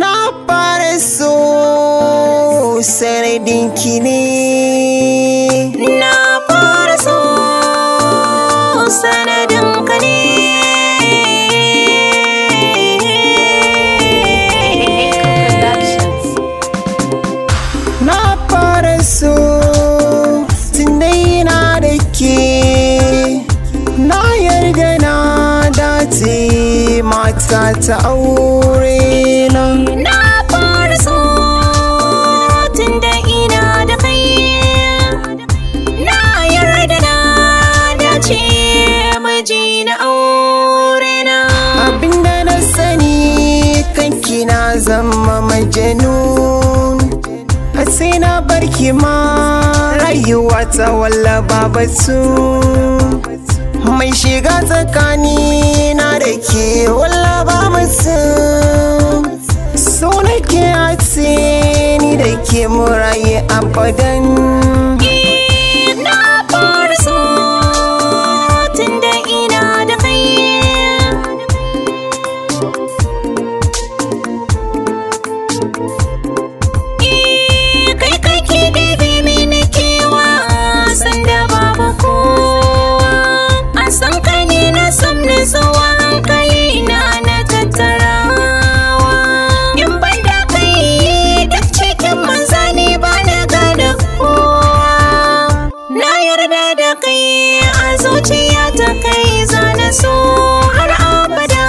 na fara so sanadin ki ne na fara so sanadin ka na fara so tunai na da ke na yarda na dace mata ta aure na fara so tun da ina da kai na yarda na dace miji na aure abinda na sani kanki na zama majanun sai na bar ma rayuwa ta walla babatu mai shiga tsaka I'm going yarda da kai a zuciya ta kai zana so har abada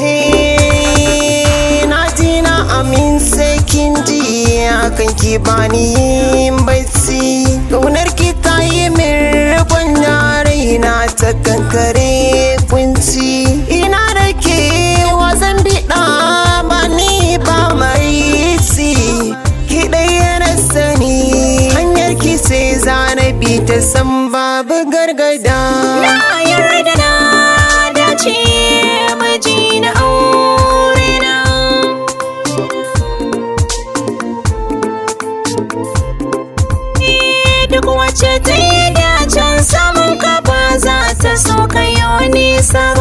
Hey ki bani bacci ƙaunar ki ta yi min rikon raina ta kankare kunci ina da ke wazan biɗa ba ni ba mai ci ki ɗaya na sani hanyar ki sai zanabi ta san babu gargada na yarda ce ta yi dacen samun kafa za ta so nisa.